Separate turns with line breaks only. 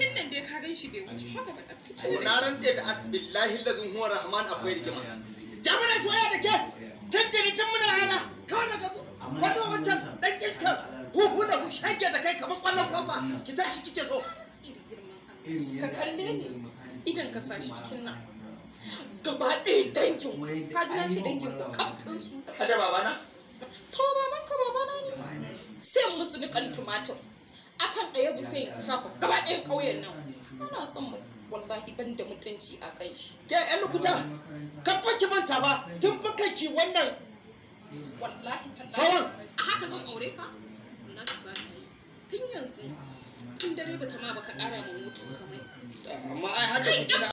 birnin nan dai ka gan shi bai wuce haka ba fice na rantse da billahi lazin huwa rahman akwai rigima ya mana soya da ke tun tantance tun muna ana kawai daga wannan wancan dan iska huhu da shanke da kai kamar kwallon kwamba ki tashi kike so
ka kalle ni
idan ka sashi cikin nan
gaba ɗaya dangin ka ji na ce dangin ku kafin su kada babana
to baban ka babana ne sai musu nikan tumatir akan ɗaya bisa ya shafa gaba ɗayan ƙauyen nan ana son mu wallahi ban da mutunci a kan shi
ke ƴan lokuta Ka fa ki manta ba tun fa kanki wannan wallahi tallahi a
haka zan aure ka wallahi ba tun yanzu
tun dare ba ta ma baka ƙara mun mutunci amma ai haka